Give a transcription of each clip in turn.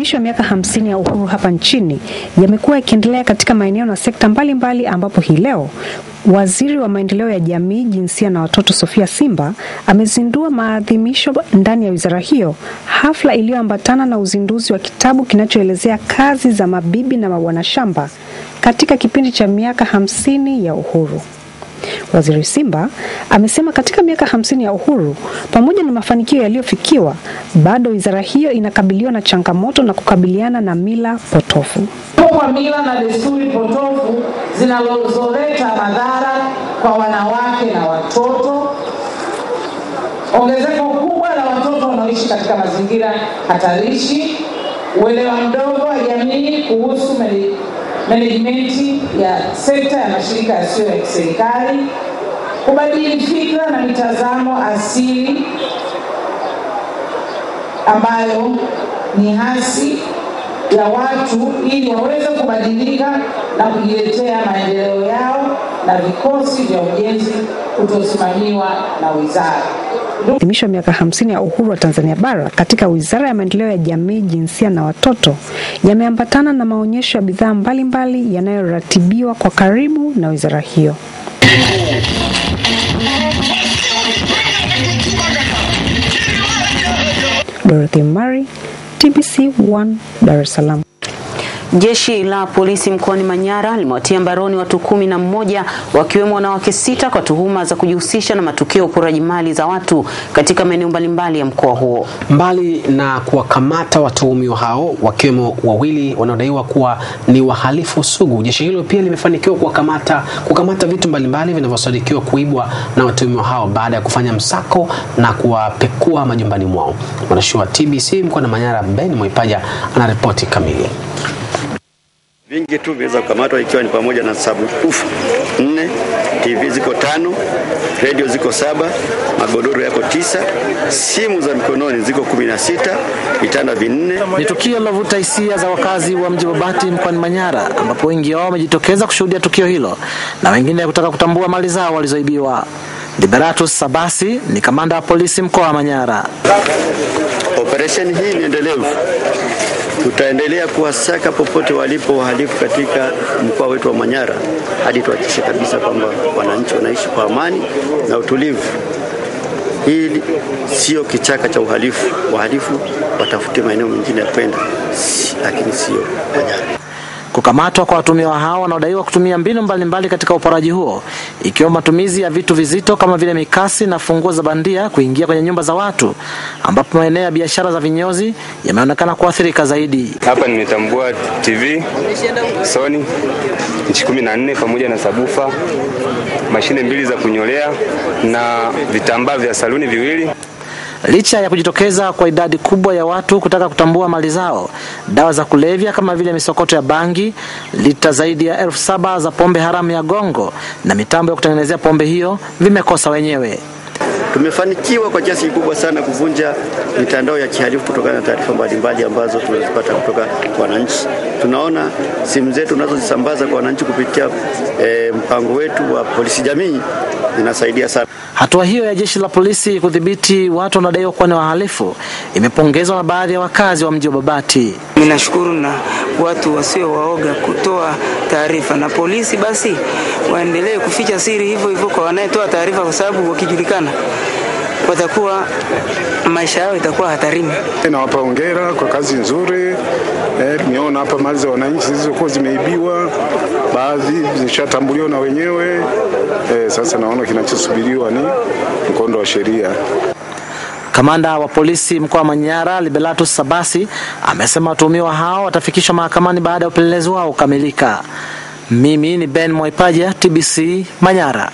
Maadhimisho ya miaka hamsini ya uhuru hapa nchini yamekuwa yakiendelea katika maeneo na sekta mbalimbali mbali, ambapo hii leo Waziri wa Maendeleo ya Jamii, Jinsia na Watoto Sofia Simba amezindua maadhimisho ndani ya wizara hiyo, hafla iliyoambatana na uzinduzi wa kitabu kinachoelezea kazi za mabibi na mabwana shamba katika kipindi cha miaka hamsini ya uhuru. Waziri Simba amesema katika miaka hamsini ya uhuru, pamoja na mafanikio yaliyofikiwa, bado wizara hiyo inakabiliwa na changamoto na kukabiliana na mila potofu. Kwa mila na desturi potofu zinazoleta madhara kwa wanawake na watoto, ongezeko kubwa la watoto wanaoishi katika mazingira hatarishi, uelewa mdogo wa jamii kuhusu menejimenti ya sekta ya mashirika yasiyo ya kiserikali, kubadili fikra na mitazamo asili ambayo ni hasi ya watu ili waweze kubadilika na kujiletea maendeleo yao na vikosi vya ujenzi kutosimamiwa na wizara. Adhimisho ya miaka hamsini ya uhuru wa Tanzania bara katika Wizara ya Maendeleo ya Jamii, Jinsia na Watoto yameambatana na maonyesho ya bidhaa mbalimbali yanayoratibiwa kwa karibu na wizara hiyo. Dorothy Mari, TBC 1 Dar es Salaam. Jeshi la polisi mkoani Manyara limewatia mbaroni watu kumi na mmoja wakiwemo wanawake sita kwa tuhuma za kujihusisha na matukio ya uporaji mali za watu katika maeneo mbalimbali ya mkoa huo. Mbali na kuwakamata watuhumiwa hao wakiwemo wawili wanaodaiwa kuwa ni wahalifu sugu, jeshi hilo pia limefanikiwa kuwakamata kukamata vitu mbalimbali vinavyosadikiwa kuibwa na watuhumiwa hao baada ya kufanya msako na kuwapekua majumbani mwao. Mwandishi TBC mkoani Manyara Ben Mwaipaja anaripoti kamili vingi tu vinaweza kukamatwa ikiwa ni pamoja na sabukufu nne, TV ziko tano, redio ziko saba, magodoro yako tisa, simu za mikononi ziko kumi na sita, vitanda vinne. Ni tukio lilovuta hisia za wakazi wa mji Babati mkoani Manyara, ambapo wengi wao wamejitokeza kushuhudia tukio hilo na wengine kutaka kutambua mali zao walizoibiwa. Liberatus Sabasi ni kamanda wa polisi mkoa wa Manyara. Operesheni hii ni endelevu, tutaendelea kuwasaka popote walipo wahalifu katika mkoa wetu wa Manyara hadi tuhakikishe kabisa kwamba wananchi wanaishi kwa amani na utulivu. Hii sio kichaka cha uhalifu. Wahalifu watafute maeneo mengine ya kwenda, lakini sio Manyara. Kukamatwa kwa watumiwa hao wanaodaiwa kutumia mbinu mbalimbali katika uporaji huo ikiwemo matumizi ya vitu vizito kama vile mikasi na funguo za bandia kuingia kwenye nyumba za watu ambapo maeneo ya biashara za vinyozi yameonekana kuathirika zaidi. Hapa nimetambua TV Sony inchi kumi na nne pamoja na sabufa, mashine mbili za kunyolea na vitambaa vya saluni viwili. Licha ya kujitokeza kwa idadi kubwa ya watu kutaka kutambua mali zao, dawa za kulevya kama vile misokoto ya bangi, lita zaidi ya elfu saba za pombe haramu ya gongo na mitambo ya kutengenezea pombe hiyo vimekosa wenyewe. Tumefanikiwa kwa kiasi kikubwa sana kuvunja mitandao ya kihalifu kutokana na taarifa mbalimbali ambazo tunazipata kutoka kwa wananchi. Tunaona simu zetu tunazozisambaza kwa wananchi kupitia e, mpango wetu wa polisi jamii inasaidia sana. Hatua hiyo ya jeshi la polisi kudhibiti watu wanadaiwa kuwa ni wahalifu imepongezwa na baadhi ya wakazi wa mji wa Babati. Ninashukuru na watu wasio waoga kutoa taarifa, na polisi basi waendelee kuficha siri hivyo hivyo kwa wanayetoa taarifa, kwa sababu wakijulikana watakuwa maisha yao itakuwa hatarini. Nawapa hongera kwa kazi nzuri. Eh, tumeona hapa mali za wananchi zilizokuwa zimeibiwa, baadhi zishatambuliwa na wenyewe. E, sasa naona kinachosubiriwa ni mkondo wa sheria. Kamanda wa polisi mkoa wa Manyara Liberatus Sabasi amesema watuhumiwa hao watafikishwa mahakamani baada ya upelelezi wao kukamilika. Mimi ni Ben Mwaipaja, TBC Manyara.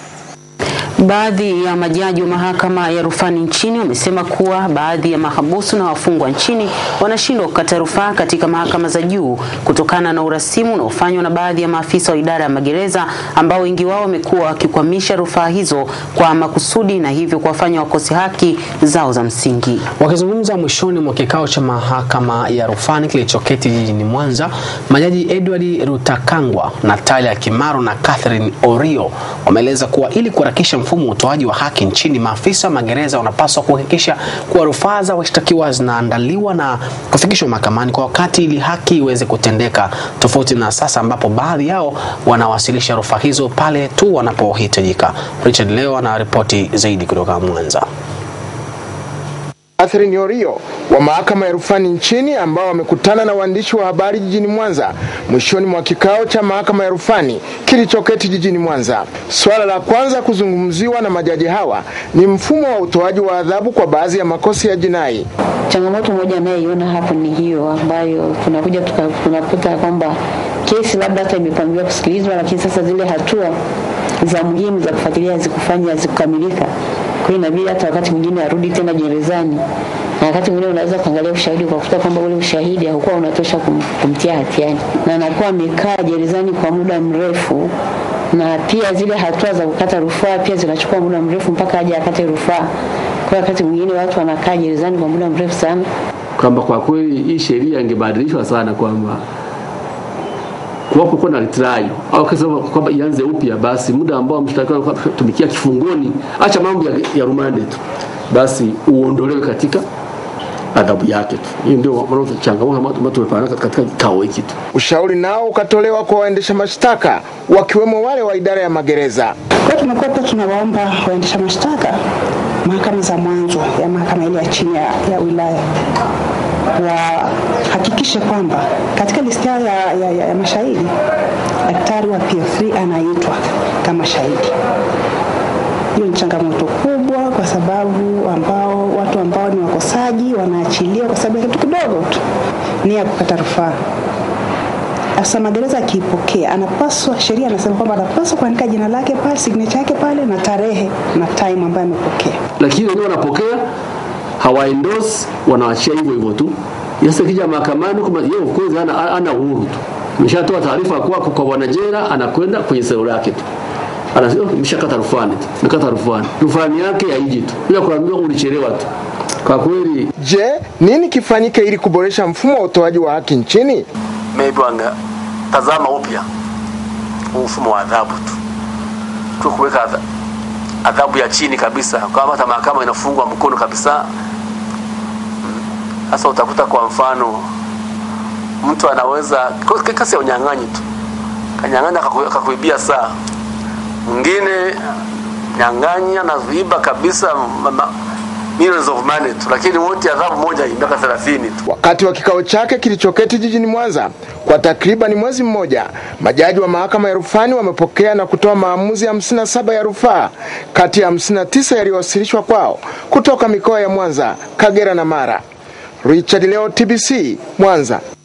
Baadhi ya majaji wa mahakama ya rufani nchini wamesema kuwa baadhi ya mahabusu na wafungwa nchini wanashindwa kukata rufaa katika mahakama za juu kutokana na urasimu unaofanywa na baadhi ya maafisa wa idara ya magereza ambao wengi wao wamekuwa wakikwamisha rufaa hizo kwa makusudi na hivyo kuwafanya wakose haki zao za msingi. Wakizungumza mwishoni mwa kikao cha mahakama ya rufani kilichoketi jijini Mwanza, majaji Edward Rutakangwa, Natalia Kimaro na Catherine Orio wameeleza kuwa ili kuharakisha mfumo wa utoaji wa haki nchini, maafisa wa magereza wanapaswa kuhakikisha kuwa rufaa za washtakiwa zinaandaliwa na kufikishwa mahakamani kwa wakati ili haki iweze kutendeka, tofauti na sasa ambapo baadhi yao wanawasilisha rufaa hizo pale tu wanapohitajika. Richard Leo ana ripoti zaidi kutoka Mwanza. Catherine Orio wa mahakama ya rufani nchini ambao wamekutana na waandishi wa habari jijini Mwanza mwishoni mwa kikao cha mahakama ya rufani kilichoketi jijini Mwanza. Swala la kwanza kuzungumziwa na majaji hawa ni mfumo wa utoaji wa adhabu kwa baadhi ya makosa ya jinai. Changamoto moja anayoiona hapo ni hiyo ambayo tunakuja tunakuta kwamba kesi labda hata imepangiwa kusikilizwa, lakini sasa zile hatua za muhimu za kufuatilia hazikufanya hazikukamilika. Kwa hiyo inabidi hata wakati mwingine arudi tena gerezani, na wakati mwingine unaweza kuangalia ushahidi ukakuta kwamba ule ushahidi haukuwa unatosha kum, kumtia hatiani, na anakuwa amekaa gerezani kwa muda mrefu na pia zile hatua za kukata rufaa pia zinachukua muda mrefu mpaka aje akate rufaa. Kwa wakati mwingine watu wanakaa gerezani kwa muda mrefu sana, kwamba kwa kweli hii sheria ingebadilishwa sana kwamba kuwapo kuwa na retrial au kesi kwamba ianze upya, basi muda ambao mshtakiwa tumikia kifungoni, acha mambo ya, ya rumande tu, basi uondolewe katika adhabu yake tu. Hiyo ndio changamoto ambayo tumepanga katika kikao hiki tu. Ushauri nao ukatolewa kwa waendesha mashtaka wakiwemo wale wa idara ya magereza. Kwa tumekuwa pia tunawaomba waendesha mashtaka mahakama za mwanzo ya mahakama ile ya chini ya, ya wilaya wahakikishe kwamba katika listi ya, ya, ya, ya mashahidi daktari wa pf 3 anaitwa kama shahidi. Hiyo ni changamoto kubwa, kwa sababu ambao watu ambao ni wakosaji wanaachiliwa kwa sababu ya kitu kidogo tu, ni ya kukata rufaa. Asa magereza akiipokea, anapaswa sheria anasema kwamba anapaswa kuandika jina lake pale, signature yake pale na tarehe na time ambayo amepokea, lakini wenyewe wanapokea hawaendosi, wanawachia hivyo hivyo tu. Sasa kija mahakamani kama yeye of course ana, ana uhuru tu. Ameshatoa taarifa kwa kwa wanajera, anakwenda kwenye seura yake tu. Anasema oh, mshakata rufani tu. Nakata rufani. Rufani yake ya haiji tu. Bila kuambiwa ulichelewa tu. Kwa kweli, je, nini kifanyike ili kuboresha mfumo wa utoaji wa haki nchini? Maybe wanga tazama upya mfumo wa adhabu tu. Tu kuweka adhabu ya chini kabisa, kama hata mahakama inafungwa mkono kabisa sasa utakuta kwa mfano mtu anaweza kasi ya unyang'anyi tu kanyang'anya akakuibia saa, mwingine nyang'anyi na kabisa mama, millions of money tu, lakini wote adhabu moja miaka 30 tu. Wakati wa kikao chake kilichoketi jijini Mwanza kwa takriban mwezi mmoja, majaji wa mahakama ya rufani wamepokea na kutoa maamuzi saba ya rufaa kati ya 59 yaliyowasilishwa kwao kutoka mikoa ya Mwanza, Kagera na Mara. Richard Leo, TBC Mwanza.